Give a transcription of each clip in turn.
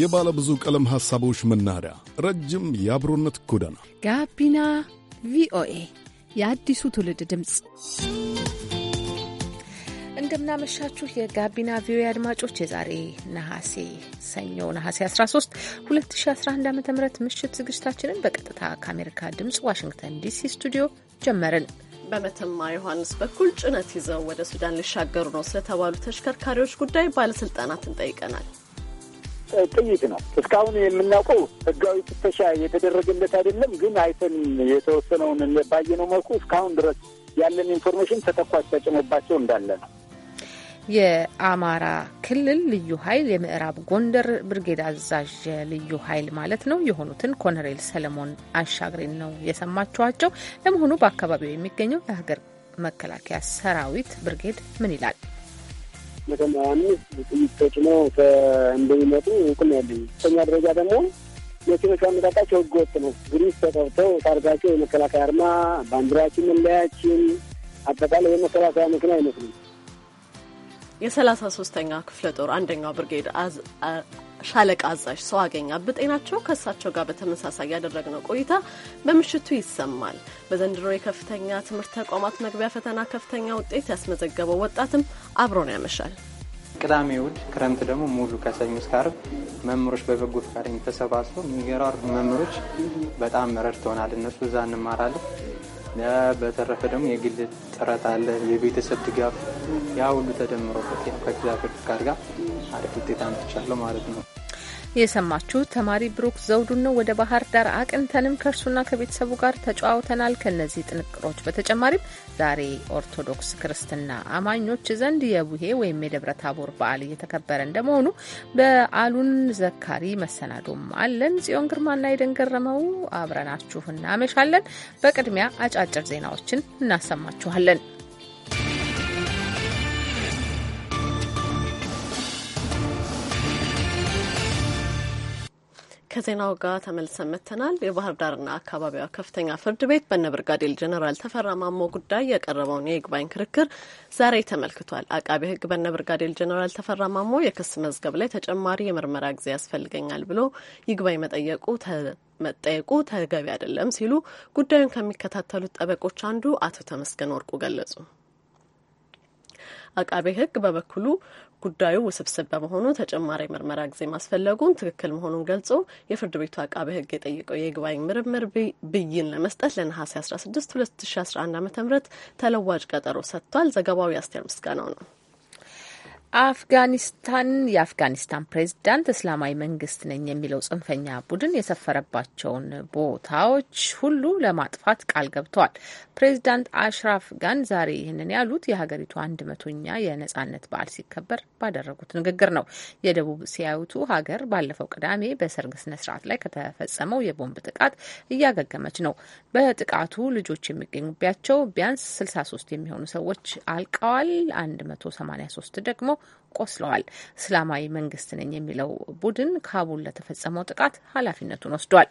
የባለ ብዙ ቀለም ሐሳቦች መናኸሪያ፣ ረጅም የአብሮነት ጎዳና፣ ጋቢና ቪኦኤ የአዲሱ ትውልድ ድምፅ። እንደምናመሻችሁ የጋቢና ቪኦኤ አድማጮች የዛሬ ነሐሴ ሰኞ ነሐሴ 13 2011 ዓ ም ምሽት ዝግጅታችንን በቀጥታ ከአሜሪካ ድምፅ ዋሽንግተን ዲሲ ስቱዲዮ ጀመርን። በመተማ ዮሐንስ በኩል ጭነት ይዘው ወደ ሱዳን ሊሻገሩ ነው ስለተባሉ ተሽከርካሪዎች ጉዳይ ባለስልጣናትን ጠይቀናል። ጥይት ነው። እስካሁን የምናውቀው ህጋዊ ፍተሻ የተደረገለት አይደለም። ግን አይተን የተወሰነውን ባየነው መልኩ እስካሁን ድረስ ያለን ኢንፎርሜሽን ተተኳሽ ተጭኖባቸው እንዳለ ነው። የአማራ ክልል ልዩ ኃይል የምዕራብ ጎንደር ብርጌድ አዛዥ ልዩ ኃይል ማለት ነው የሆኑትን ኮሎኔል ሰለሞን አሻግሬን ነው የሰማችኋቸው። ለመሆኑ በአካባቢው የሚገኘው የሀገር መከላከያ ሰራዊት ብርጌድ ምን ይላል? መተማዋን ጥይቶች ነው እንደሚመጡ እውቅና ያለኝ። ሶስተኛ ደረጃ ደግሞ መኪኖቹ አመጣጣቸው ህገወጥ ነው። ግሪስ ተጠርተው ታርጋቸው የመከላከያ አርማ፣ ባንዲራችን፣ መለያችን፣ አጠቃላይ የመከላከያ መኪና አይመስልም የሰላሳ ሶስተኛ ክፍለ ጦር አንደኛው ብርጌድ ሻለቃ አዛዥ ሰው አገኛ ብጤናቸው ከእሳቸው ጋር በተመሳሳይ ያደረግነው ቆይታ በምሽቱ ይሰማል። በዘንድሮ የከፍተኛ ትምህርት ተቋማት መግቢያ ፈተና ከፍተኛ ውጤት ያስመዘገበው ወጣትም አብሮን ያመሻል። ቅዳሜ፣ እሑድ፣ ክረምት ደግሞ ሙሉ ከሰኞ እስከ ዓርብ መምህሮች በበጎ ፈቃደኝ ተሰባስበው የሚገራሩ መምህሮች በጣም ረድተውናል። እነሱ እዛ እንማራለን በተረፈ ደግሞ የግል ጥረት አለ፣ የቤተሰብ ድጋፍ፣ ያ ሁሉ ተደምሮበት ከእግዚአብሔር ፍቃድ ጋር አሪፍ ውጤት አምጥቻለሁ ማለት ነው። የሰማችሁ ተማሪ ብሩክ ዘውዱን ነው። ወደ ባህር ዳር አቅንተንም ከእርሱና ከቤተሰቡ ጋር ተጫዋውተናል። ከነዚህ ጥንቅሮች በተጨማሪም ዛሬ ኦርቶዶክስ ክርስትና አማኞች ዘንድ የቡሄ ወይም የደብረ ታቦር በዓል እየተከበረ እንደመሆኑ በዓሉን ዘካሪ መሰናዶም አለን። ጽዮን ግርማና የደንገረመው አብረናችሁ እናመሻለን። በቅድሚያ አጫጭር ዜናዎችን እናሰማችኋለን። ከዜናው ጋር ተመልሰን መጥተናል። የባህር ዳርና አካባቢዋ ከፍተኛ ፍርድ ቤት በነ ብርጋዴር ጀኔራል ተፈራ ማሞ ጉዳይ ያቀረበውን የይግባኝ ክርክር ዛሬ ተመልክቷል። አቃቤ ሕግ በነ ብርጋዴር ጀኔራል ተፈራ ማሞ የክስ መዝገብ ላይ ተጨማሪ የምርመራ ጊዜ ያስፈልገኛል ብሎ ይግባኝ መጠየቁ መጠየቁ ተገቢ አይደለም ሲሉ ጉዳዩን ከሚከታተሉት ጠበቆች አንዱ አቶ ተመስገን ወርቁ ገለጹ። አቃቤ ሕግ በበኩሉ ጉዳዩ ውስብስብ በመሆኑ ተጨማሪ ምርመራ ጊዜ ማስፈለጉን ትክክል መሆኑን ገልጾ የፍርድ ቤቱ አቃቤ ሕግ የጠየቀው የይግባኝ ምርምር ብይን ለመስጠት ለነሐሴ 16 2011 ዓ ም ተለዋጭ ቀጠሮ ሰጥቷል። ዘገባው የአስቴር ምስጋናው ነው። አፍጋኒስታን የአፍጋኒስታን ፕሬዝዳንት እስላማዊ መንግስት ነኝ የሚለው ጽንፈኛ ቡድን የሰፈረባቸውን ቦታዎች ሁሉ ለማጥፋት ቃል ገብተዋል። ፕሬዝዳንት አሽራፍ ጋን ዛሬ ይህንን ያሉት የሀገሪቱ አንድ መቶኛ የነጻነት በዓል ሲከበር ባደረጉት ንግግር ነው። የደቡብ ሲያዩቱ ሀገር ባለፈው ቅዳሜ በሰርግ ስነ ስርዓት ላይ ከተፈጸመው የቦምብ ጥቃት እያገገመች ነው። በጥቃቱ ልጆች የሚገኙባቸው ቢያንስ 63 የሚሆኑ ሰዎች አልቀዋል። 183 ደግሞ ቆስለዋል። እስላማዊ መንግስት ነኝ የሚለው ቡድን ካቡል ለተፈጸመው ጥቃት ኃላፊነቱን ወስዷል።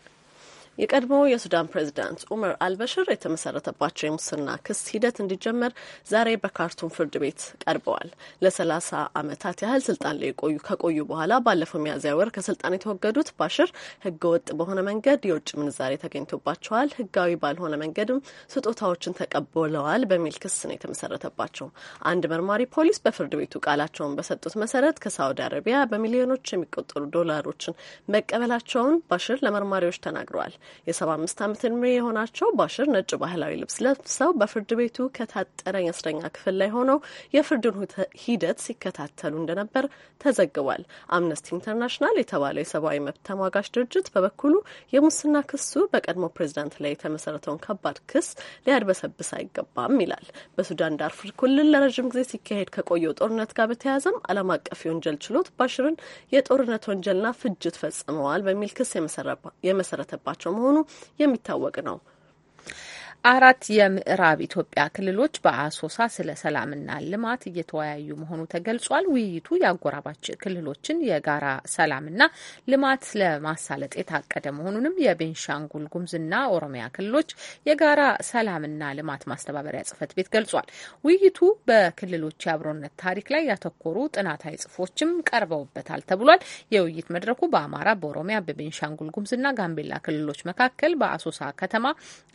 የቀድሞ የሱዳን ፕሬዚዳንት ኡመር አልበሽር የተመሰረተባቸው የሙስና ክስ ሂደት እንዲጀመር ዛሬ በካርቱም ፍርድ ቤት ቀርበዋል። ለሰላሳ አመታት ያህል ስልጣን ላይ ከቆዩ በኋላ ባለፈው ሚያዝያ ወር ከስልጣን የተወገዱት ባሽር ህገወጥ በሆነ መንገድ የውጭ ምንዛሬ ተገኝቶባቸዋል፣ ህጋዊ ባልሆነ መንገድም ስጦታዎችን ተቀብለዋል በሚል ክስ ነው የተመሰረተባቸው። አንድ መርማሪ ፖሊስ በፍርድ ቤቱ ቃላቸውን በሰጡት መሰረት ከሳውዲ አረቢያ በሚሊዮኖች የሚቆጠሩ ዶላሮችን መቀበላቸውን ባሽር ለመርማሪዎች ተናግረዋል። የሰባ አምስት ዓመት ዕድሜ የሆናቸው ባሽር ነጭ ባህላዊ ልብስ ለብሰው በፍርድ ቤቱ ከታጠረ የእስረኛ ክፍል ላይ ሆነው የፍርድን ሂደት ሲከታተሉ እንደነበር ተዘግቧል። አምነስቲ ኢንተርናሽናል የተባለው የሰብአዊ መብት ተሟጋች ድርጅት በበኩሉ የሙስና ክሱ በቀድሞ ፕሬዚዳንት ላይ የተመሰረተውን ከባድ ክስ ሊያድበሰብስ አይገባም ይላል። በሱዳን ዳርፉር ክልል ለረዥም ጊዜ ሲካሄድ ከቆየው ጦርነት ጋር በተያያዘም ዓለም አቀፍ የወንጀል ችሎት ባሽርን የጦርነት ወንጀልና ፍጅት ፈጽመዋል በሚል ክስ የመሰረተባቸው መሆኑ የሚታወቅ ነው። አራት የምዕራብ ኢትዮጵያ ክልሎች በአሶሳ ስለ ሰላምና ልማት እየተወያዩ መሆኑ ተገልጿል። ውይይቱ የአጎራባች ክልሎችን የጋራ ሰላምና ልማት ለማሳለጥ የታቀደ መሆኑንም የቤንሻንጉል ጉምዝና ኦሮሚያ ክልሎች የጋራ ሰላምና ልማት ማስተባበሪያ ጽህፈት ቤት ገልጿል። ውይይቱ በክልሎች የአብሮነት ታሪክ ላይ ያተኮሩ ጥናታዊ ጽፎችም ቀርበውበታል ተብሏል። የውይይት መድረኩ በአማራ፣ በኦሮሚያ፣ በቤንሻንጉል ጉምዝና ጋምቤላ ክልሎች መካከል በአሶሳ ከተማ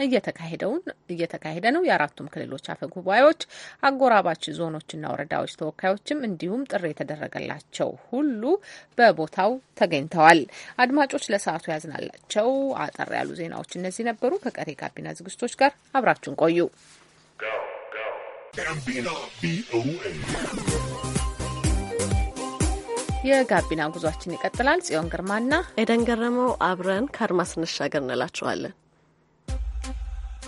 እየተካሄደው ሰሞኑን እየተካሄደ ነው። የአራቱም ክልሎች አፈ ጉባኤዎች፣ አጎራባች ዞኖችና ወረዳዎች ተወካዮችም እንዲሁም ጥሪ የተደረገላቸው ሁሉ በቦታው ተገኝተዋል። አድማጮች ለሰዓቱ ያዝናላቸው አጠር ያሉ ዜናዎች እነዚህ ነበሩ። ከቀሪ ጋቢና ዝግጅቶች ጋር አብራችሁን ቆዩ። የጋቢና ጉዟችን ይቀጥላል። ጽዮን ግርማና ኤደን ገረመው አብረን ከአድማስ እንሻገር እንላችኋለን።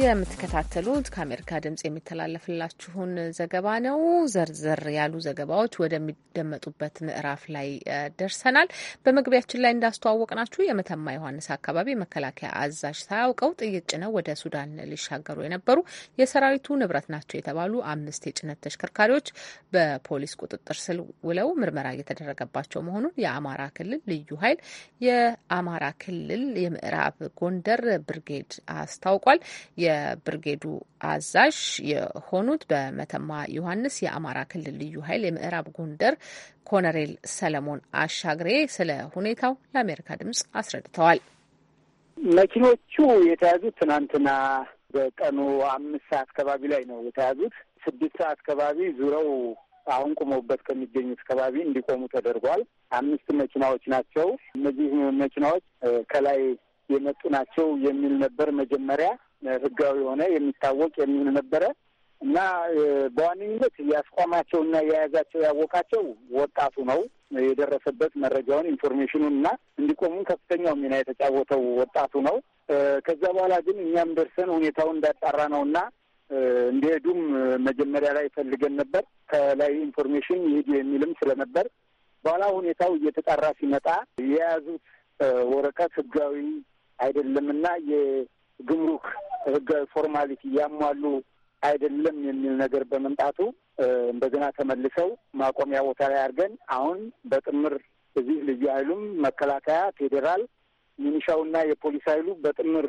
የምትከታተሉት ከአሜሪካ ድምጽ የሚተላለፍላችሁን ዘገባ ነው። ዘርዘር ያሉ ዘገባዎች ወደሚደመጡበት ምዕራፍ ላይ ደርሰናል። በመግቢያችን ላይ እንዳስተዋወቅናችሁ የመተማ ዮሐንስ አካባቢ መከላከያ አዛዥ ሳያውቀው ጥይት ጭነው ወደ ሱዳን ሊሻገሩ የነበሩ የሰራዊቱ ንብረት ናቸው የተባሉ አምስት የጭነት ተሽከርካሪዎች በፖሊስ ቁጥጥር ስር ውለው ምርመራ እየተደረገባቸው መሆኑን የአማራ ክልል ልዩ ኃይል የአማራ ክልል የምዕራብ ጎንደር ብርጌድ አስታውቋል። የብርጌዱ አዛዥ የሆኑት በመተማ ዮሐንስ የአማራ ክልል ልዩ ኃይል የምዕራብ ጎንደር ኮነሬል ሰለሞን አሻግሬ ስለ ሁኔታው ለአሜሪካ ድምጽ አስረድተዋል። መኪኖቹ የተያዙት ትናንትና በቀኑ አምስት ሰዓት አካባቢ ላይ ነው የተያዙት። ስድስት ሰዓት አካባቢ ዙረው አሁን ቁመውበት ከሚገኙት አካባቢ እንዲቆሙ ተደርጓል። አምስት መኪናዎች ናቸው። እነዚህ መኪናዎች ከላይ የመጡ ናቸው የሚል ነበር መጀመሪያ ህጋዊ የሆነ የሚታወቅ የሚሆን ነበረ እና በዋነኝነት እና የያዛቸው ያወቃቸው ወጣቱ ነው። የደረሰበት መረጃውን ኢንፎርሜሽኑን እና እንዲቆሙም ከፍተኛው ሚና የተጫወተው ወጣቱ ነው። ከዛ በኋላ ግን እኛም ደርሰን ሁኔታውን እንዳጣራ ነው እና እንዲሄዱም መጀመሪያ ላይ ፈልገን ነበር። ከላይ ኢንፎርሜሽን ይሄዱ የሚልም ስለነበር በኋላ ሁኔታው እየተጣራ ሲመጣ የያዙት ወረቀት ህጋዊ አይደለምና ግምሩክ ህጋዊ ፎርማሊቲ ያሟሉ አይደለም የሚል ነገር በመምጣቱ እንደገና ተመልሰው ማቆሚያ ቦታ ላይ አድርገን አሁን በጥምር እዚህ ልዩ ኃይሉም መከላከያ፣ ፌዴራል ሚኒሻውና የፖሊስ ኃይሉ በጥምር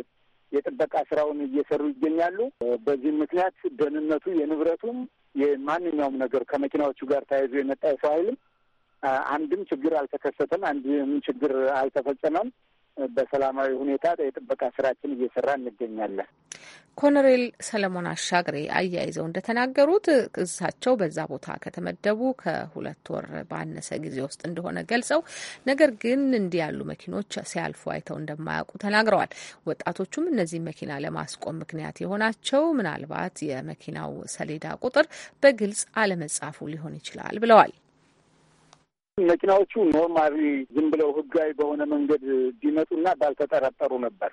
የጥበቃ ስራውን እየሰሩ ይገኛሉ። በዚህም ምክንያት ደህንነቱ የንብረቱም የማንኛውም ነገር ከመኪናዎቹ ጋር ተያይዞ የመጣ የሰው ኃይልም አንድም ችግር አልተከሰተም። አንድም ችግር አልተፈጸመም። በሰላማዊ ሁኔታ የጥበቃ ስራችን እየሰራ እንገኛለን። ኮሎኔል ሰለሞን አሻግሬ አያይዘው እንደተናገሩት እሳቸው በዛ ቦታ ከተመደቡ ከሁለት ወር ባነሰ ጊዜ ውስጥ እንደሆነ ገልጸው ነገር ግን እንዲህ ያሉ መኪኖች ሲያልፉ አይተው እንደማያውቁ ተናግረዋል። ወጣቶቹም እነዚህ መኪና ለማስቆም ምክንያት የሆናቸው ምናልባት የመኪናው ሰሌዳ ቁጥር በግልጽ አለመጻፉ ሊሆን ይችላል ብለዋል። መኪናዎቹ ኖርማሊ ዝም ብለው ህጋዊ በሆነ መንገድ ቢመጡና ባልተጠረጠሩ ነበር።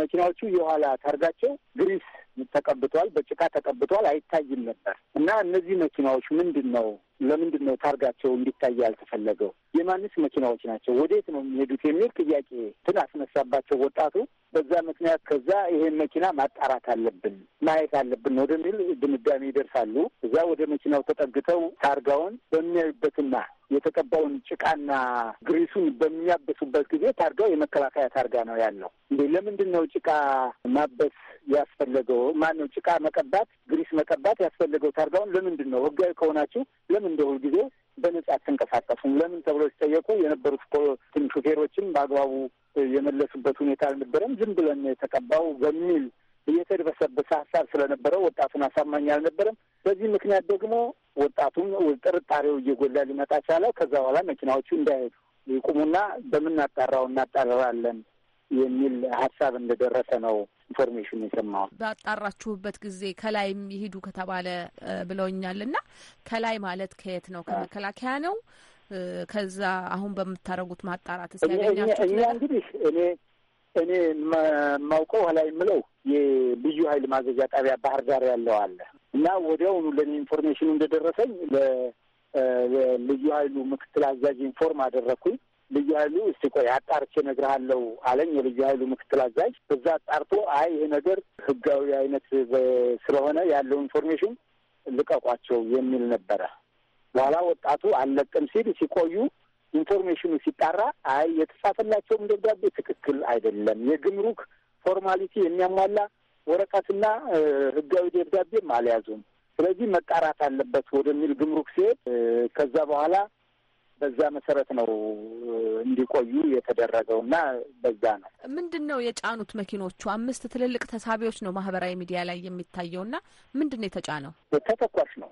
መኪናዎቹ የኋላ ታርጋቸው ግሪስ ተቀብቷል፣ በጭቃ ተቀብቷል፣ አይታይም ነበር እና እነዚህ መኪናዎች ምንድን ነው ለምንድን ነው ታርጋቸው እንዲታይ ያልተፈለገው? የማንስ መኪናዎች ናቸው? ወዴት ነው የሚሄዱት? የሚል ጥያቄ ትን አስነሳባቸው ወጣቱ። በዛ ምክንያት ከዛ ይሄን መኪና ማጣራት አለብን ማየት አለብን ወደሚል ድምዳሜ ይደርሳሉ። እዛ ወደ መኪናው ተጠግተው ታርጋውን በሚያዩበትና የተቀባውን ጭቃና ግሪሱን በሚያበሱበት ጊዜ ታርጋው የመከላከያ ታርጋ ነው ያለው። እንዴ ለምንድን ነው ጭቃ ማበስ ያስፈለገው? ማን ነው ጭቃ መቀባት፣ ግሪስ መቀባት ያስፈለገው? ታርጋውን ለምንድን ነው ህጋዊ ከሆናችሁ ለምን እንደ ሁልጊዜ በነጻ አትንቀሳቀሱም ለምን ተብሎ ሲጠየቁ የነበሩት ሹፌሮችም በአግባቡ የመለሱበት ሁኔታ አልነበረም፣ ዝም ብለን የተቀባው በሚል እየተደበሰበሰ ሀሳብ ስለነበረ ወጣቱን አሳማኝ አልነበረም። በዚህ ምክንያት ደግሞ ወጣቱም ጥርጣሬው እየጎላ ሊመጣ ቻለ። ከዛ በኋላ መኪናዎቹ እንዳይሄዱ ይቁሙና በምናጣራው እናጣራለን የሚል ሀሳብ እንደደረሰ ነው ኢንፎርሜሽን የሰማው። ባጣራችሁበት ጊዜ ከላይም ይሂዱ ከተባለ ብለውኛል። እና ከላይ ማለት ከየት ነው? ከመከላከያ ነው? ከዛ አሁን በምታደርጉት ማጣራት ሲያገኛችሁ እኛ እንግዲህ እኔ እኔ የማውቀው ኋላ የምለው የልዩ ኃይል ማዘዣ ጣቢያ ባህር ዳር ያለው አለ እና ወዲያውኑ ለእኔ ኢንፎርሜሽኑ እንደደረሰኝ ለልዩ ኃይሉ ምክትል አዛዥ ኢንፎርም አደረግኩኝ። ልዩ ኃይሉ እስቲ ቆይ አጣርቼ እነግርሃለሁ አለኝ። የልዩ ኃይሉ ምክትል አዛዥ እዛ አጣርቶ አይ ይሄ ነገር ህጋዊ አይነት ስለሆነ ያለው ኢንፎርሜሽን ልቀቋቸው የሚል ነበረ። በኋላ ወጣቱ አልለቅም ሲል ሲቆዩ ኢንፎርሜሽኑ ሲጣራ አይ የተጻፈላቸውም ደብዳቤ ትክክል አይደለም፣ የግምሩክ ፎርማሊቲ የሚያሟላ ወረቀትና ህጋዊ ደብዳቤም አልያዙም፣ ስለዚህ መጣራት አለበት ወደሚል ግምሩክ ሲሄድ ከዛ በኋላ በዛ መሰረት ነው እንዲቆዩ የተደረገው እና በዛ ነው ምንድን ነው የጫኑት መኪኖቹ አምስት ትልልቅ ተሳቢዎች ነው ማህበራዊ ሚዲያ ላይ የሚታየው እና ምንድን ነው የተጫነው ተተኳሽ ነው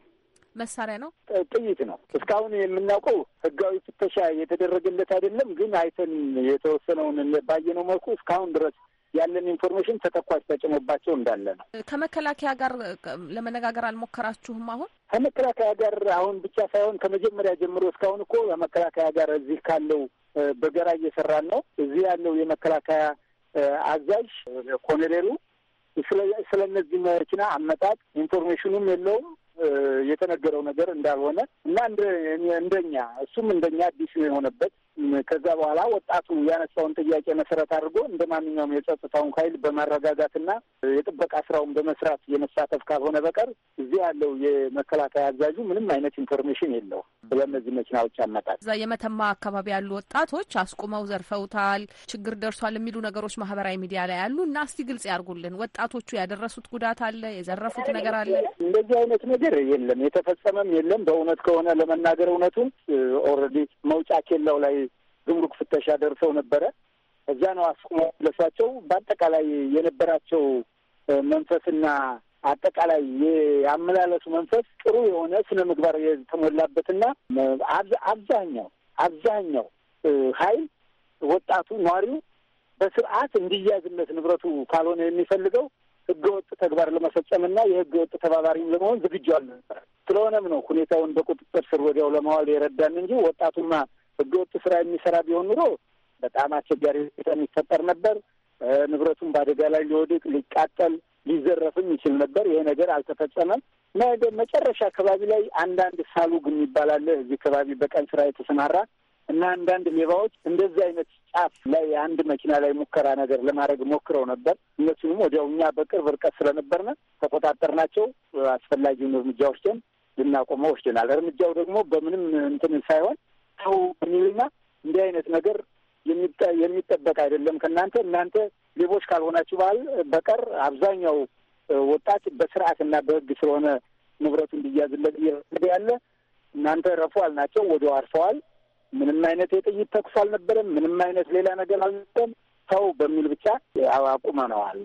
መሳሪያ ነው ጥይት ነው እስካሁን የምናውቀው ህጋዊ ፍተሻ የተደረገለት አይደለም ግን አይተን የተወሰነውን ባየነው መልኩ እስካሁን ድረስ ያለን ኢንፎርሜሽን ተተኳሽ ተጭኖባቸው እንዳለ ነው። ከመከላከያ ጋር ለመነጋገር አልሞከራችሁም? አሁን ከመከላከያ ጋር አሁን ብቻ ሳይሆን ከመጀመሪያ ጀምሮ እስካሁን እኮ ከመከላከያ ጋር እዚህ ካለው በገራ እየሰራን ነው። እዚህ ያለው የመከላከያ አዛዥ ኮሎኔሉ ስለ እነዚህ መኪና አመጣጥ ኢንፎርሜሽኑም የለውም የተነገረው ነገር እንዳልሆነ እና እንደኛ እሱም እንደኛ አዲስ የሆነበት ከዛ በኋላ ወጣቱ ያነሳውን ጥያቄ መሰረት አድርጎ እንደ ማንኛውም የጸጥታውን ኃይል በማረጋጋትና የጥበቃ ስራውን በመስራት የመሳተፍ ካልሆነ በቀር እዚህ ያለው የመከላከያ አዛዡ ምንም አይነት ኢንፎርሜሽን የለው ስለእነዚህ መኪናዎች አመጣል። እዛ የመተማ አካባቢ ያሉ ወጣቶች አስቁመው ዘርፈውታል፣ ችግር ደርሷል የሚሉ ነገሮች ማህበራዊ ሚዲያ ላይ ያሉ እና እስቲ ግልጽ ያርጉልን፣ ወጣቶቹ ያደረሱት ጉዳት አለ? የዘረፉት ነገር አለ? እንደዚህ አይነት ነገር የለም፣ የተፈጸመም የለም። በእውነት ከሆነ ለመናገር እውነቱን ኦልሬዲ መውጫ ኬላው ላይ ጉምሩክ ፍተሻ ደርሰው ነበረ። እዛ ነው አስቁሞ መለሷቸው። በአጠቃላይ የነበራቸው መንፈስና አጠቃላይ የአመላለሱ መንፈስ ጥሩ የሆነ ስነ ምግባር የተሞላበትና አብዛኛው አብዛኛው ኃይል ወጣቱ ነዋሪው በስርዓት እንዲያዝነት ንብረቱ ካልሆነ የሚፈልገው ህገወጥ ተግባር ለመፈጸምና ወጥ ተባባሪም ለመሆን ዝግጁ አልነበረ። ስለሆነም ነው ሁኔታውን በቁጥጥር ስር ወዲያው ለማዋል የረዳን እንጂ ወጣቱማ ህገወጥ ስራ የሚሰራ ቢሆን ኑሮ በጣም አስቸጋሪ ሁኔታ የሚፈጠር ነበር። ንብረቱን በአደጋ ላይ ሊወድቅ፣ ሊቃጠል፣ ሊዘረፍም ይችል ነበር። ይሄ ነገር አልተፈጸመም። ነገ መጨረሻ አካባቢ ላይ አንዳንድ ሳሉግ የሚባል አለ እዚህ አካባቢ በቀን ስራ የተሰማራ እና አንዳንድ ሌባዎች እንደዚህ አይነት ጫፍ ላይ አንድ መኪና ላይ ሙከራ ነገር ለማድረግ ሞክረው ነበር። እነሱንም ወዲያው እኛ በቅርብ ርቀት ስለነበርነ ተቆጣጠርናቸው። አስፈላጊውን እርምጃ ወስደን ልናቆመው ወስደናል። እርምጃው ደግሞ በምንም እንትን ሳይሆን ተው የሚልና እንዲህ አይነት ነገር የሚጠበቅ አይደለም ከእናንተ እናንተ ሌቦች ካልሆናችሁ ባል በቀር አብዛኛው ወጣት በስርዓትና በህግ ስለሆነ ንብረቱ እንዲያዝለት እየፈቀደ ያለ እናንተ ረፉ አልናቸው። ወዲያው አርፈዋል። ምንም አይነት የጥይት ተኩስ አልነበረም። ምንም አይነት ሌላ ነገር አልነበረም። ሰው በሚል ብቻ አቁመነዋል።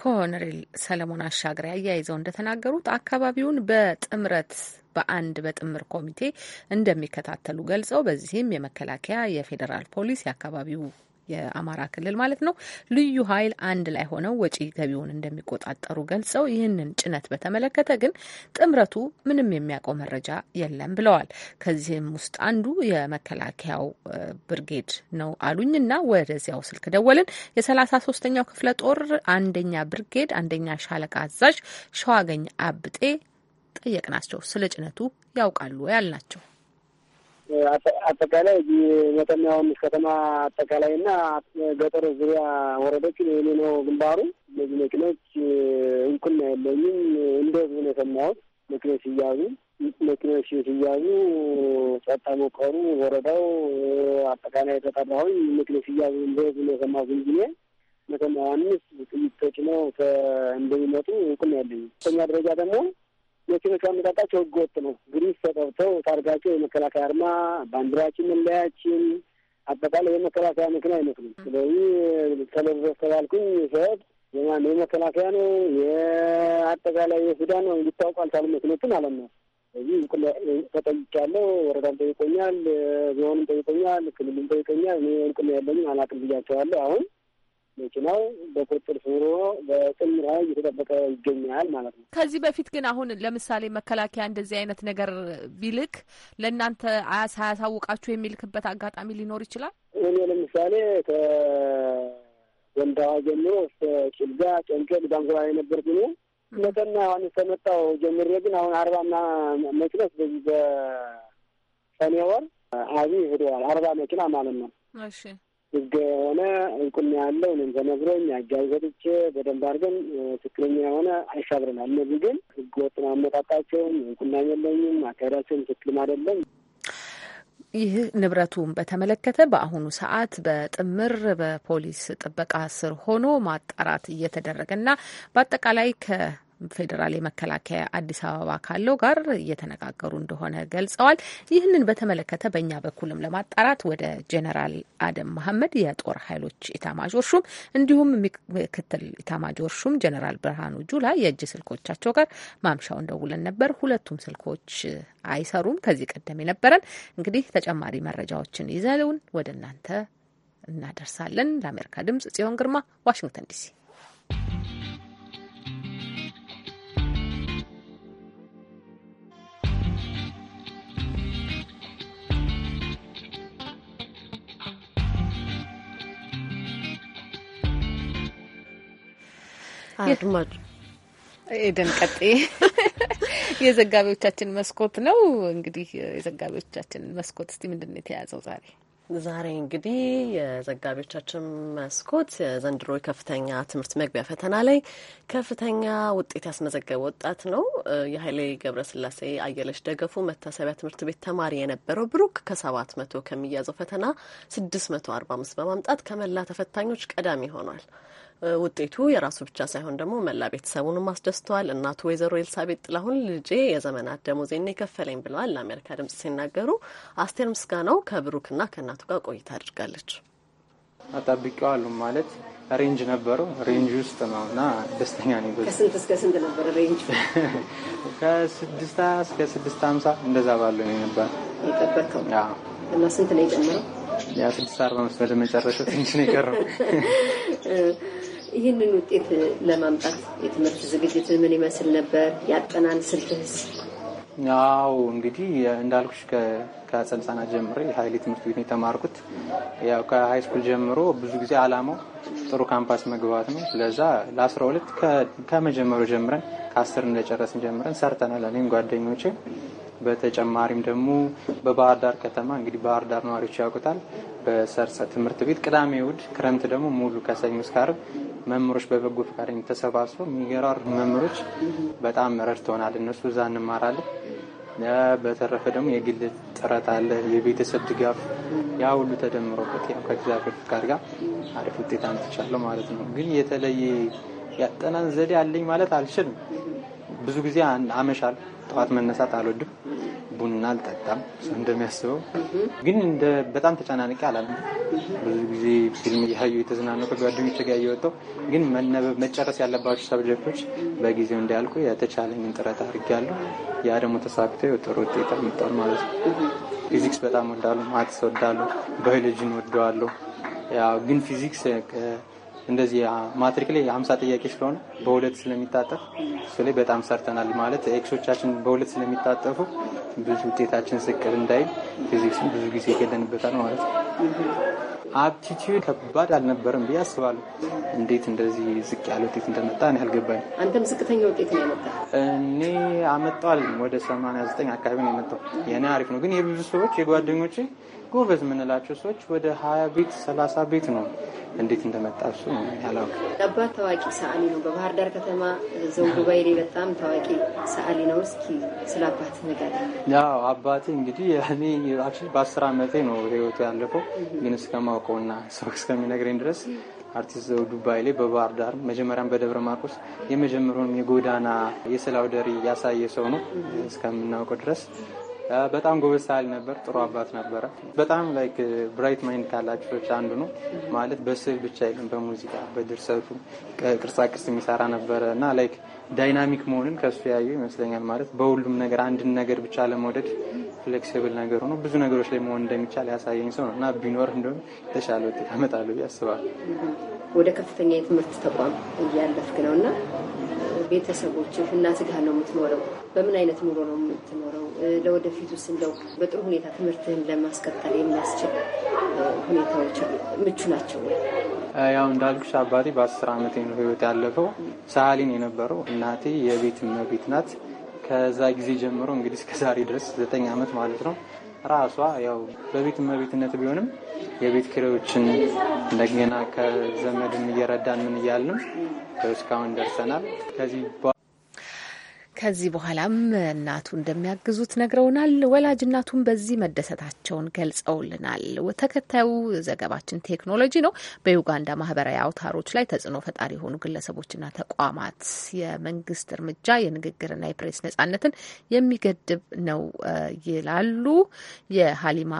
ኮሎኔል ሰለሞን አሻግሬ አያይዘው እንደተናገሩት አካባቢውን በጥምረት በአንድ በጥምር ኮሚቴ እንደሚከታተሉ ገልጸው በዚህም የመከላከያ፣ የፌዴራል ፖሊስ፣ የአካባቢው የአማራ ክልል ማለት ነው ልዩ ኃይል አንድ ላይ ሆነው ወጪ ገቢውን እንደሚቆጣጠሩ ገልጸው ይህንን ጭነት በተመለከተ ግን ጥምረቱ ምንም የሚያውቀው መረጃ የለም ብለዋል። ከዚህም ውስጥ አንዱ የመከላከያው ብርጌድ ነው አሉኝና ወደዚያው ስልክ ደወልን። የሰላሳ ሶስተኛው ክፍለ ጦር አንደኛ ብርጌድ አንደኛ ሻለቃ አዛዥ ሸዋገኝ አብጤ ጠየቅናቸው። ስለ ጭነቱ ያውቃሉ ያልናቸው አጠቃላይ መተማ ከተማ አጠቃላይ እና ገጠር ዙሪያ ወረዶች የኔ ነው ግንባሩ። እነዚህ መኪኖች እንኩና የለኝም እንደ ህዝቡ ነው የሰማሁት። መኪኖች ሲያዙ መኪኖች ሲያዙ ጸጥታ መቀሩ ወረዳው አጠቃላይ ተጠራሁኝ። መኪኖች ሲያዙ እንደ ህዝቡ ነው የሰማሁት እንጂ መተማ ዮሐንስ ቅኝቶች ነው እንደሚመጡ እንኩና ያለኝ። ሶስተኛ ደረጃ ደግሞ መኪኖቹ አመጣጣቸው ህገ ወጥ ነው። ግሪስ ተቀብተው ታርጋቸው የመከላከያ አርማ፣ ባንዲራችን፣ መለያችን አጠቃላይ የመከላከያ መኪና አይመስሉም። ስለዚህ ተለበስ ተባልኩኝ የማን የመከላከያ ነው የአጠቃላይ የሱዳን ነው እንዲታወቁ አልቻሉ መኪኖችን አለም ነው። ስለዚህ ተጠይቄያለሁ። ወረዳም ጠይቆኛል፣ ዞንም ጠይቆኛል፣ ክልልም ጠይቆኛል። እኔ እውቅና የለኝም አላውቅም ብያቸዋለሁ አሁን መኪናው በቁጥጥር ስር ውሎ በጥምር ኃይል እየተጠበቀ ይገኛል ማለት ነው። ከዚህ በፊት ግን አሁን ለምሳሌ መከላከያ እንደዚህ አይነት ነገር ቢልክ ለእናንተ ሳያሳውቃችሁ የሚልክበት አጋጣሚ ሊኖር ይችላል። እኔ ለምሳሌ ከወንዳዋ ጀምሮ እስከ ጭልጋ፣ ጨንጨል፣ ዳንጉራ የነበርኩ እኔ መተና አሁን ከመጣው ጀምሬ ግን አሁን አርባና መኪናስ በዚህ በሰኔ ወር አብይ ሄደዋል። አርባ መኪና ማለት ነው። እሺ ህጋዊ የሆነ እውቅና ያለው እኔም ተነግሮኝ አጃቢ ሰጥቼ በደንብ አድርገን ትክክለኛ የሆነ አይሻብረናል። እነዚህ ግን ህግ ነው አመጣጣቸውም፣ እውቅና የለኝም፣ አካሄዳቸውም ትክክልም አይደለም። ይህ ንብረቱን በተመለከተ በአሁኑ ሰዓት በጥምር በፖሊስ ጥበቃ ስር ሆኖ ማጣራት እየተደረገና በአጠቃላይ ከ ፌዴራል የመከላከያ አዲስ አበባ ካለው ጋር እየተነጋገሩ እንደሆነ ገልጸዋል። ይህንን በተመለከተ በእኛ በኩልም ለማጣራት ወደ ጄኔራል አደም መሐመድ የጦር ኃይሎች ኢታማጆር ሹም እንዲሁም ምክትል ኢታማጆር ሹም ጄኔራል ብርሃኑ ጁላ የእጅ ስልኮቻቸው ጋር ማምሻውን ደውለን ነበር። ሁለቱም ስልኮች አይሰሩም። ከዚህ ቀደም የነበረን እንግዲህ ተጨማሪ መረጃዎችን ይዘውን ወደ እናንተ እናደርሳለን። ለአሜሪካ ድምጽ ጽዮን ግርማ ዋሽንግተን ዲሲ አድማጭ ኤደን ቀጤ የዘጋቢዎቻችን መስኮት ነው። እንግዲህ የዘጋቢዎቻችን መስኮት እስቲ ምንድን ነው የተያዘው ዛሬ? ዛሬ እንግዲህ የዘጋቢዎቻችን መስኮት የዘንድሮ የከፍተኛ ትምህርት መግቢያ ፈተና ላይ ከፍተኛ ውጤት ያስመዘገበ ወጣት ነው። የኃይሌ ገብረስላሴ አየለች ደገፉ መታሰቢያ ትምህርት ቤት ተማሪ የነበረው ብሩክ ከሰባት መቶ ከሚያዘው ፈተና ስድስት መቶ አርባ አምስት በማምጣት ከመላ ተፈታኞች ቀዳሚ ሆኗል። ውጤቱ የራሱ ብቻ ሳይሆን ደግሞ መላ ቤተሰቡንም አስደስተዋል። እናቱ ወይዘሮ ኤልሳቤጥ ጥላሁን ልጄ የዘመናት ደሞዜን የከፈለኝ ብለዋል ለአሜሪካ ድምጽ ሲናገሩ። አስቴር ምስጋናው ከብሩክና ከእናቱ ጋር ቆይታ አድርጋለች። አጣብቀዋሉ ማለት ሬንጅ ነበረው ሬንጅ ውስጥ ነው እና ደስተኛ ነኝ። ከስንት እስከ ስንት ነበረ ሬንጅ? ከስድስት እስከ ስድስት ሀምሳ እንደዛ ባለው ነው የነበረ የጠበቀው እና ስንት ነው የጨመረው? ያ ስድስት አርባ አምስት ወደ መጨረሻ ትንሽ ነው የቀረው። ይህንን ውጤት ለማምጣት የትምህርት ዝግጅት ምን ይመስል ነበር? ያጠናን ስልትህስ? አዎ እንግዲህ እንዳልኩሽ ከአጸደ ሕጻናት ጀምሬ ሀይሌ ትምህርት ቤት ነው የተማርኩት። ያው ከሀይ ስኩል ጀምሮ ብዙ ጊዜ አላማው ጥሩ ካምፓስ መግባት ነው። ስለዛ ለ12 ከመጀመሩ ጀምረን ከአስር እንደጨረስን ጀምረን ሰርተናል፣ እኔም ጓደኞቼ። በተጨማሪም ደግሞ በባህር ዳር ከተማ እንግዲህ ባህር ዳር ነዋሪዎች ያውቁታል በሰርሰ ትምህርት ቤት ቅዳሜ እሑድ ክረምት ደግሞ ሙሉ ከሰኞ እስከ ዓርብ መምህሮች በበጎ ፈቃደኝ ተሰባስበው የሚገራርሙ መምህሮች በጣም ረድተውናል። እነሱ እዛ እንማራለን። በተረፈ ደግሞ የግል ጥረት አለ፣ የቤተሰብ ድጋፍ፣ ያ ሁሉ ተደምሮበት ያው ከእግዚአብሔር ፍቃድ ጋር አሪፍ ውጤት አምጥቻለሁ ማለት ነው። ግን የተለየ ያጠናን ዘዴ አለኝ ማለት አልችልም። ብዙ ጊዜ አመሻል። ጠዋት መነሳት አልወድም። ቡና አልጠጣም እንደሚያስበው። ግን እንደ በጣም ተጨናንቄ አላለ። ብዙ ጊዜ ፊልም እያዩ የተዝናነው ከጓደኞች ጋር እየወጣው ግን መነበብ መጨረስ ያለባቸው ሰብጀክቶች በጊዜው እንዲያልቁ የተቻለኝን ጥረት አድርጌያለሁ። ያ ደግሞ ተሳክቶ ጥሩ ውጤት አምጥቷል ማለት ነው። ፊዚክስ በጣም ወዳለሁ፣ ማትስ ወዳለሁ፣ ባዮሎጂን ወደዋለሁ። ያው ግን ፊዚክስ እንደዚህ ማትሪክ ላይ ሀምሳ ጥያቄ ስለሆነ በሁለት ስለሚታጠፍ እሱ ላይ በጣም ሰርተናል። ማለት ኤክሶቻችን በሁለት ስለሚታጠፉ ብዙ ውጤታችን ስቅብ እንዳይል ፊዚክስን ብዙ ጊዜ ሄደንበታል ማለት ነው። አፕቲቲዩድ ከባድ አልነበረም ብዬ አስባለሁ። እንዴት እንደዚህ ዝቅ ያለ ውጤት እንደመጣ እኔ አልገባኝ። አንተም ዝቅተኛ ውጤት ነው ያመጣ? እኔ አመጣው አለኝ ወደ 89 አካባቢ ነው የመጣው። የእኔ አሪፍ ነው ግን የብዙ ሰዎች የጓደኞቼ ጎበዝ የምንላቸው ሰዎች ወደ ሀያ ቤት ሰላሳ ቤት ነው። እንዴት እንደመጣ እሱ ያላውቅ። አባት ታዋቂ ሰዓሊ ነው። በባህር ዳር ከተማ ዘውዱ ባይሌ በጣም ታዋቂ ሰዓሊ ነው። እስኪ ስለ አባት ነገር። ያው አባቴ እንግዲህ አክቹዋሊ በአስር አመቴ ነው ህይወቱ ያለፈው፣ ግን እስከማውቀውና ሰው እስከሚነግረኝ ድረስ አርቲስት ዘውዱ ባይሌ በባህር ዳር መጀመሪያም በደብረ ማርቆስ የመጀመሪያውን የጎዳና የስላውደሪ ያሳየ ሰው ነው እስከምናውቀው ድረስ በጣም ጎበዝ ሳል ነበር። ጥሩ አባት ነበረ። በጣም ላይክ ብራይት ማይንድ ካላቸው አንዱ ነው ማለት በስዕል ብቻ አይደለም፣ በሙዚቃ በድርሰቱ ቅርጻቅርጽ የሚሰራ ነበረ እና ላይክ ዳይናሚክ መሆንን ከሱ ያዩ ይመስለኛል። ማለት በሁሉም ነገር አንድን ነገር ብቻ ለመውደድ ፍሌክሲብል ነገር ሆኖ ብዙ ነገሮች ላይ መሆን እንደሚቻል ያሳየኝ ሰው ነው እና ቢኖር እንደውም የተሻለ ውጤት አመጣለሁ ብዬ አስባለሁ። ወደ ከፍተኛ የትምህርት ተቋም እያለፍክ ነው እና ቤተሰቦችህ እናት ጋር ነው የምትኖረው? በምን አይነት ኑሮ ነው የምትኖረው? ለወደፊቱ ስንደው በጥሩ ሁኔታ ትምህርትህን ለማስቀጠል የሚያስችል ሁኔታዎች ምቹ ናቸው? ያው እንዳልኩሽ አባቴ በአስር ዓመት ነው ህይወት ያለፈው። ሳሊን የነበረው እናቴ የቤት እመቤት ናት። ከዛ ጊዜ ጀምሮ እንግዲህ እስከዛሬ ድረስ ዘጠኝ ዓመት ማለት ነው ራሷ ያው በቤት መቤትነት ቢሆንም የቤት ኪራዮችን እንደገና ከዘመድም እየረዳን ምን እያልንም እስካሁን ደርሰናል። ከዚህ ከዚህ በኋላም እናቱ እንደሚያግዙት ነግረውናል። ወላጅ እናቱን በዚህ መደሰታቸውን ገልጸውልናል። ተከታዩ ዘገባችን ቴክኖሎጂ ነው። በዩጋንዳ ማህበራዊ አውታሮች ላይ ተጽዕኖ ፈጣሪ የሆኑ ግለሰቦችና ተቋማት የመንግስት እርምጃ የንግግርና የፕሬስ ነጻነትን የሚገድብ ነው ይላሉ። የሀሊማ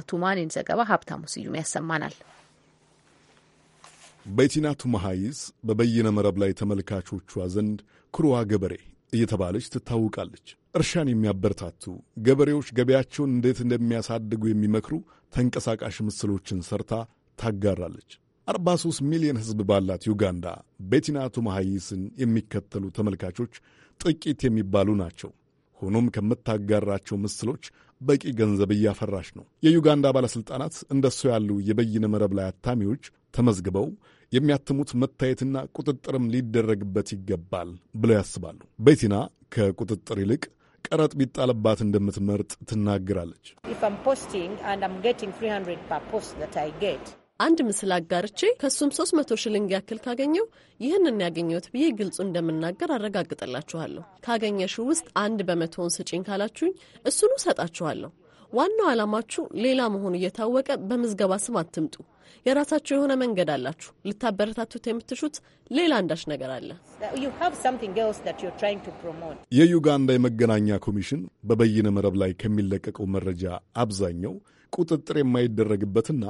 አቱማኒን ዘገባ ሀብታሙ ስዩም ያሰማናል። በቲና ቱማሃይስ በበይነ መረብ ላይ ተመልካቾቿ ዘንድ ክሩዋ ገበሬ እየተባለች ትታወቃለች። እርሻን የሚያበረታቱ ገበሬዎች ገበያቸውን እንዴት እንደሚያሳድጉ የሚመክሩ ተንቀሳቃሽ ምስሎችን ሰርታ ታጋራለች። 43 ሚሊዮን ሕዝብ ባላት ዩጋንዳ ቤቲናቱ መሐይስን የሚከተሉ ተመልካቾች ጥቂት የሚባሉ ናቸው። ሆኖም ከምታጋራቸው ምስሎች በቂ ገንዘብ እያፈራች ነው። የዩጋንዳ ባለሥልጣናት እንደሱ ያሉ የበይነ መረብ ላይ አታሚዎች ተመዝግበው የሚያትሙት መታየትና ቁጥጥርም ሊደረግበት ይገባል ብለው ያስባሉ። ቤቲና ከቁጥጥር ይልቅ ቀረጥ ቢጣልባት እንደምትመርጥ ትናገራለች። አንድ ምስል አጋርቼ ከእሱም 300 ሽልንግ ያክል ካገኘው ይህንን ያገኘሁት ብዬ ግልጹ እንደምናገር አረጋግጥላችኋለሁ። ካገኘሽ ውስጥ አንድ በመቶውን ስጪኝ ካላችሁኝ እሱኑ ሰጣችኋለሁ። ዋናው ዓላማችሁ ሌላ መሆኑ እየታወቀ በምዝገባ ስም አትምጡ። የራሳችሁ የሆነ መንገድ አላችሁ። ልታበረታቱት የምትሹት ሌላ አንዳች ነገር አለ። የዩጋንዳ የመገናኛ ኮሚሽን በበይነ መረብ ላይ ከሚለቀቀው መረጃ አብዛኛው ቁጥጥር የማይደረግበትና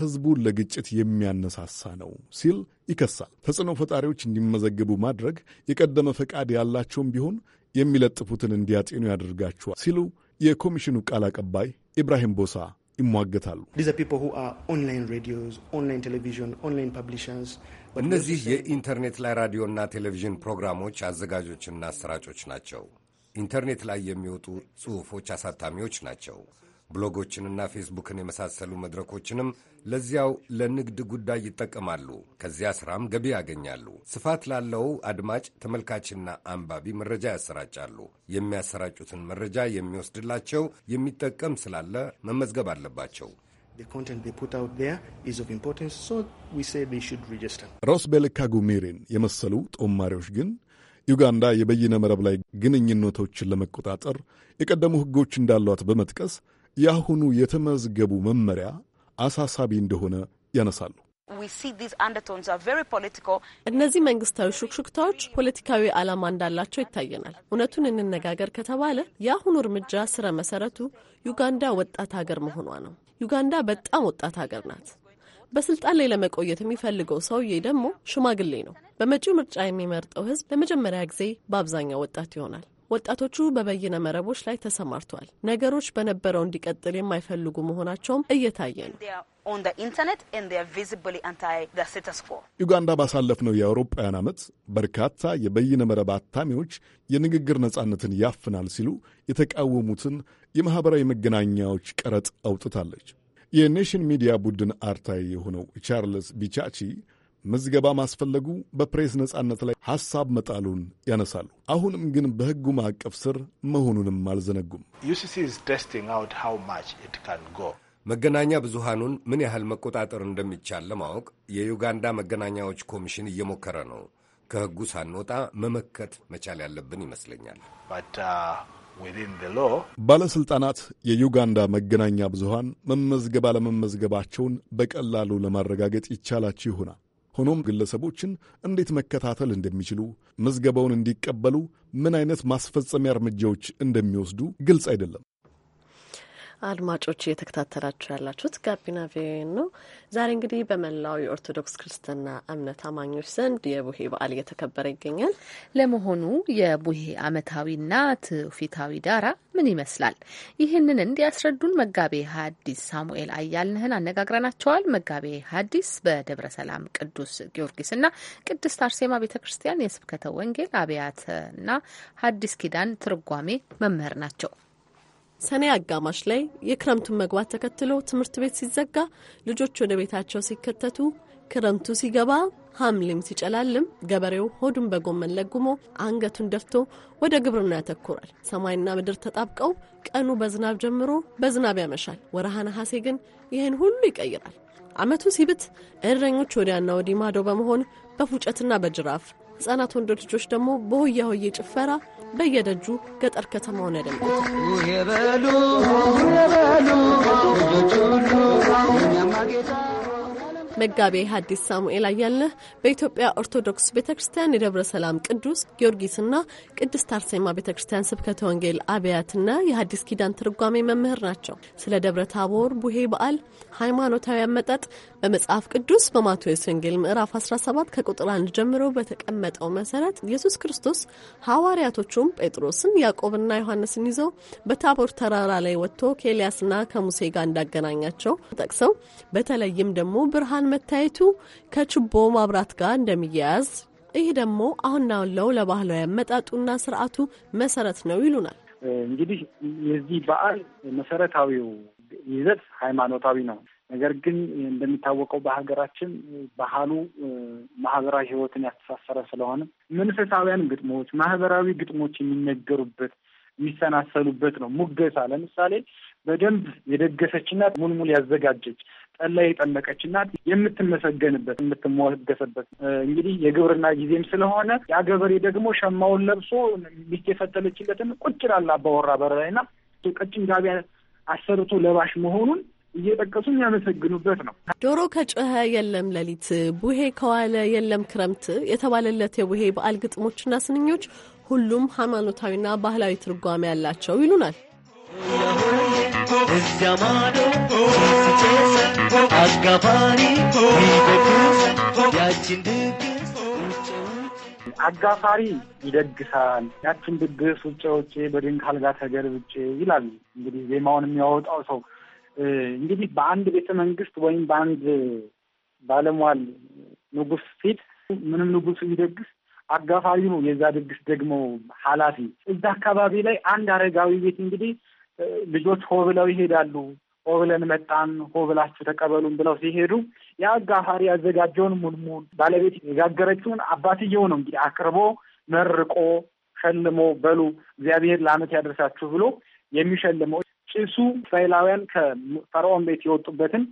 ሕዝቡን ለግጭት የሚያነሳሳ ነው ሲል ይከሳል። ተጽዕኖ ፈጣሪዎች እንዲመዘገቡ ማድረግ የቀደመ ፈቃድ ያላቸውም ቢሆን የሚለጥፉትን እንዲያጤኑ ያደርጋቸዋል ሲሉ የኮሚሽኑ ቃል አቀባይ ኢብራሂም ቦሳ ይሟገታሉ። እነዚህ የኢንተርኔት ላይ ራዲዮና ቴሌቪዥን ፕሮግራሞች አዘጋጆችና አሰራጮች ናቸው። ኢንተርኔት ላይ የሚወጡ ጽሑፎች አሳታሚዎች ናቸው። ብሎጎችንና ፌስቡክን የመሳሰሉ መድረኮችንም ለዚያው ለንግድ ጉዳይ ይጠቀማሉ። ከዚያ ሥራም ገቢ ያገኛሉ። ስፋት ላለው አድማጭ ተመልካችና አንባቢ መረጃ ያሰራጫሉ። የሚያሰራጩትን መረጃ የሚወስድላቸው የሚጠቀም ስላለ መመዝገብ አለባቸው። ሮስቤል ካጉሜሪን የመሰሉ ጦማሪዎች ግን ዩጋንዳ የበይነ መረብ ላይ ግንኙነቶችን ለመቆጣጠር የቀደሙ ሕጎች እንዳሏት በመጥቀስ የአሁኑ የተመዝገቡ መመሪያ አሳሳቢ እንደሆነ ያነሳሉ። እነዚህ መንግስታዊ ሹክሹክታዎች ፖለቲካዊ ዓላማ እንዳላቸው ይታየናል። እውነቱን እንነጋገር ከተባለ የአሁኑ እርምጃ ስረ መሰረቱ ዩጋንዳ ወጣት ሀገር መሆኗ ነው። ዩጋንዳ በጣም ወጣት ሀገር ናት። በስልጣን ላይ ለመቆየት የሚፈልገው ሰውዬ ደግሞ ሽማግሌ ነው። በመጪው ምርጫ የሚመርጠው ህዝብ ለመጀመሪያ ጊዜ በአብዛኛው ወጣት ይሆናል። ወጣቶቹ በበይነ መረቦች ላይ ተሰማርተዋል። ነገሮች በነበረው እንዲቀጥል የማይፈልጉ መሆናቸውም እየታየ ነው። ዩጋንዳ ባሳለፍነው የአውሮፓውያን ዓመት በርካታ የበይነ መረብ አታሚዎች የንግግር ነጻነትን ያፍናል ሲሉ የተቃወሙትን የማኅበራዊ መገናኛዎች ቀረጥ አውጥታለች። የኔሽን ሚዲያ ቡድን አርታይ የሆነው ቻርልስ ቢቻቺ ምዝገባ ማስፈለጉ በፕሬስ ነጻነት ላይ ሐሳብ መጣሉን ያነሳሉ። አሁንም ግን በሕጉ ማዕቀፍ ስር መሆኑንም አልዘነጉም። መገናኛ ብዙሃኑን ምን ያህል መቆጣጠር እንደሚቻል ለማወቅ የዩጋንዳ መገናኛዎች ኮሚሽን እየሞከረ ነው። ከሕጉ ሳንወጣ መመከት መቻል ያለብን ይመስለኛል። uh, ባለሥልጣናት የዩጋንዳ መገናኛ ብዙሃን መመዝገብ አለመመዝገባቸውን በቀላሉ ለማረጋገጥ ይቻላቸው ይሆናል። ሆኖም ግለሰቦችን እንዴት መከታተል እንደሚችሉ፣ ምዝገባውን እንዲቀበሉ ምን አይነት ማስፈጸሚያ እርምጃዎች እንደሚወስዱ ግልጽ አይደለም። አድማጮች እየተከታተላችሁ ያላችሁት ጋቢና ቪኦኤ ነው። ዛሬ እንግዲህ በመላው የኦርቶዶክስ ክርስትና እምነት አማኞች ዘንድ የቡሄ በዓል እየተከበረ ይገኛል። ለመሆኑ የቡሄ ዓመታዊና ትውፊታዊ ዳራ ምን ይመስላል? ይህንን እንዲያስረዱን መጋቤ ሐዲስ ሳሙኤል አያልንህን አነጋግረናቸዋል። መጋቤ ሐዲስ በደብረ ሰላም ቅዱስ ጊዮርጊስና ቅድስት አርሴማ ቤተ ክርስቲያን የስብከተ ወንጌል አብያትና ሐዲስ ኪዳን ትርጓሜ መምህር ናቸው። ሰኔ አጋማሽ ላይ የክረምቱን መግባት ተከትሎ ትምህርት ቤት ሲዘጋ፣ ልጆች ወደ ቤታቸው ሲከተቱ፣ ክረምቱ ሲገባ፣ ሐምሌም ሲጨላልም ገበሬው ሆዱን በጎመን ለጉሞ አንገቱን ደፍቶ ወደ ግብርና ያተኩራል። ሰማይና ምድር ተጣብቀው ቀኑ በዝናብ ጀምሮ በዝናብ ያመሻል። ወርሃ ነሐሴ ግን ይህን ሁሉ ይቀይራል። ዓመቱ ሲብት እረኞች ወዲያና ወዲህ ማዶ በመሆን በፉጨትና በጅራፍ ህጻናት ወንድ ልጆች ደግሞ በሆያ ሆዬ ጭፈራ በየደጁ ገጠር ከተማውን ያደምቁታል። መጋቤ ሐዲስ ሳሙኤል አያልነህ በኢትዮጵያ ኦርቶዶክስ ቤተ ክርስቲያን የደብረ ሰላም ቅዱስ ጊዮርጊስና ቅድስት አርሴማ ቤተ ክርስቲያን ስብከተ ወንጌል አብያትና የሐዲስ ኪዳን ትርጓሜ መምህር ናቸው። ስለ ደብረ ታቦር ቡሄ በዓል ሃይማኖታዊ አመጣጥ በመጽሐፍ ቅዱስ በማቴዎስ ወንጌል ምዕራፍ 17 ከቁጥር 1 ጀምሮ በተቀመጠው መሰረት ኢየሱስ ክርስቶስ ሐዋርያቶቹም ጴጥሮስን፣ ያዕቆብና ዮሐንስን ይዘው በታቦር ተራራ ላይ ወጥቶ ከኤልያስና ከሙሴ ጋር እንዳገናኛቸው ጠቅሰው በተለይም ደግሞ ብርሃን ብርሃን መታየቱ ከችቦ ማብራት ጋር እንደሚያያዝ፣ ይህ ደግሞ አሁን ያለው ለባህላዊ አመጣጡና ስርዓቱ መሰረት ነው ይሉናል። እንግዲህ የዚህ በዓል መሰረታዊው ይዘት ሃይማኖታዊ ነው። ነገር ግን እንደሚታወቀው በሀገራችን ባህሉ ማህበራዊ ህይወትን ያስተሳሰረ ስለሆነ መንፈሳውያን ግጥሞች፣ ማህበራዊ ግጥሞች የሚነገሩበት የሚሰናሰሉበት ነው። ሙገሳ ለምሳሌ በደንብ የደገሰችና ሙልሙል ያዘጋጀች ጠላ የጠመቀችና የምትመሰገንበት የምትሞገሰበት እንግዲህ የግብርና ጊዜም ስለሆነ ያ ገበሬ ደግሞ ሸማውን ለብሶ ሚስት የፈተለችለትን ቁጭ ላለ አባወራ በር ቀጭን ጋቢ አሰርቶ ለባሽ መሆኑን እየጠቀሱ የሚያመሰግኑበት ነው። ዶሮ ከጮኸ የለም ሌሊት፣ ቡሄ ከዋለ የለም ክረምት የተባለለት የቡሄ በዓል ግጥሞችና ስንኞች ሁሉም ሃይማኖታዊና ባህላዊ ትርጓሜ ያላቸው ይሉናል። አጋፋሪ ይደግሳል ያችን ድግስ ውጭዎቼ በድንክ አልጋ ተገልብጬ ይላሉ። እንግዲህ ዜማውን የሚያወጣው ሰው እንግዲህ በአንድ ቤተ መንግስት ወይም በአንድ ባለሟል ንጉስ ፊት ምንም ንጉሱ ይደግስ አጋፋሪ ነው የዛ ድግስ ደግሞ ኃላፊ። እዛ አካባቢ ላይ አንድ አረጋዊ ቤት እንግዲህ ልጆች ሆ ብለው ይሄዳሉ። ሆ ብለን መጣን፣ ሆ ብላችሁ ተቀበሉን ብለው ሲሄዱ የአጋፋሪ ያዘጋጀውን ሙልሙል ባለቤት የጋገረችውን አባትየው ነው እንግዲህ አቅርቦ መርቆ ሸልሞ በሉ እግዚአብሔር ለዓመት ያደርሳችሁ ብሎ የሚሸልመው ጭሱ እስራኤላውያን ከፈርዖን ቤት የወጡበትን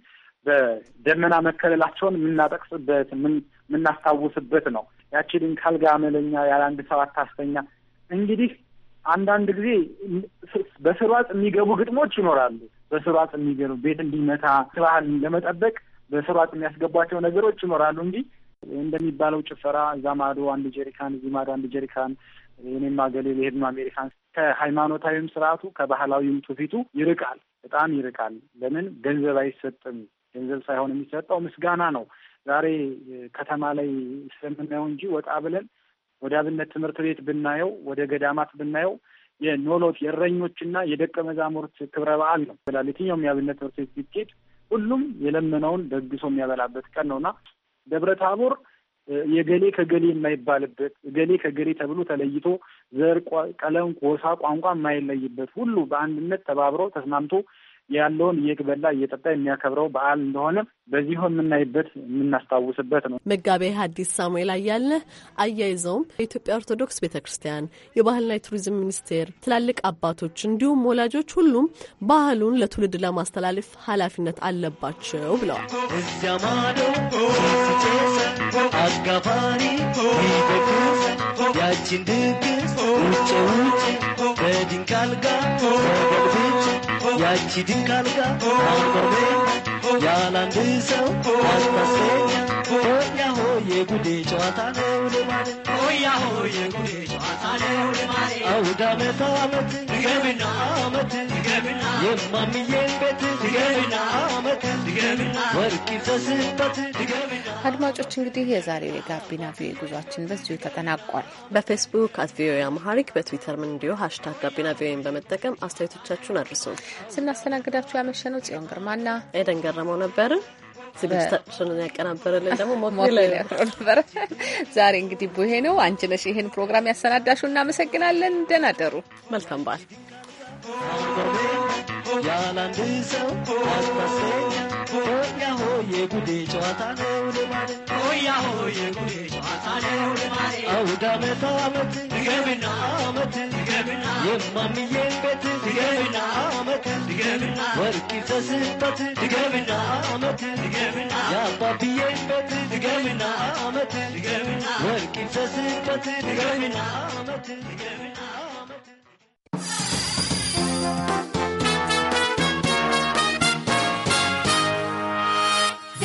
በደመና መከለላቸውን የምናጠቅስበት የምናስታውስበት ነው። ያቺ ድንግል ካልጋ መለኛ ያለ አንድ ሰባት አስተኛ እንግዲህ አንዳንድ ጊዜ በስርዓት የሚገቡ ግጥሞች ይኖራሉ። በስርዓት የሚገቡ ቤት እንዲመታ ባህል ለመጠበቅ በስርዓት የሚያስገቧቸው ነገሮች ይኖራሉ እንጂ እንደሚባለው ጭፈራ እዛ ማዶ አንድ ጀሪካን፣ እዚህ ማዶ አንድ ጀሪካን፣ እኔም አገሌ ልሄድም አሜሪካን ከሃይማኖታዊም ስርዓቱ ከባህላዊም ትውፊቱ ይርቃል፣ በጣም ይርቃል። ለምን ገንዘብ አይሰጥም። ገንዘብ ሳይሆን የሚሰጠው ምስጋና ነው። ዛሬ ከተማ ላይ ስለምናየው እንጂ ወጣ ብለን ወደ አብነት ትምህርት ቤት ብናየው፣ ወደ ገዳማት ብናየው የኖሎት የእረኞችና የደቀ መዛሙርት ክብረ በዓል ነው ይላል። የትኛውም የአብነት ትምህርት ቤት ሲኬድ ሁሉም የለመነውን ደግሶ የሚያበላበት ቀን ነውና ደብረ ታቦር የገሌ ከገሌ የማይባልበት ገሌ ከገሌ ተብሎ ተለይቶ ዘር፣ ቀለም፣ ጎሳ፣ ቋንቋ የማይለይበት ሁሉ በአንድነት ተባብረው ተስማምቶ ያለውን እየበላ እየጠጣ የሚያከብረው በዓል እንደሆነ በዚሁ የምናይበት የምናስታውስበት ነው። መጋቤ ሐዲስ ሳሙኤል አያልነህ አያይዘውም የኢትዮጵያ ኦርቶዶክስ ቤተ ክርስቲያን፣ የባህልና የቱሪዝም ሚኒስቴር፣ ትላልቅ አባቶች እንዲሁም ወላጆች ሁሉም ባህሉን ለትውልድ ለማስተላለፍ ኃላፊነት አለባቸው ብለዋል። ያችን ድግስ ውጭ ውጭ በድንጋል ጋር yaachi dinkalka, akobe, yaalandiso, aspase. ሆያ ጨዋታ ነው ሆያ አድማጮች እንግዲህ የዛሬው የጋቢና ቪኦኤ ጉዟችን በዚሁ ተጠናቋል። በፌስቡክ አት ቪኦኤ አማሃሪክ በትዊተርም እንዲሁ ሀሽታግ ጋቢና ቪኦኤን በመጠቀም አስተያየቶቻችሁን አድርሱን። ስናስተናግዳችሁ ያመሸነው ጽዮን ግርማና ኤደን ገረመው ነበርን። ዝግጅታችንን ያቀናበረልን ደግሞ ነበረ። ዛሬ እንግዲህ ቡሄ ነው። አንቺ ነሽ ይህን ፕሮግራም ያሰናዳሹ። እናመሰግናለን። ደህና ደሩ። መልካም በዓል። ሆያ ሆዬ ጉዴ ጨዋታ ነው ልማድ ጨዋታ ነው ልማድ ድገምና አመት ድገምና ቤት ድገምና አመት ድገምና ወርቅ ድገምና አመት ድገምና ቤት ድገምና አመት ድገምና ወርቅ ድገምና አመት ድገምና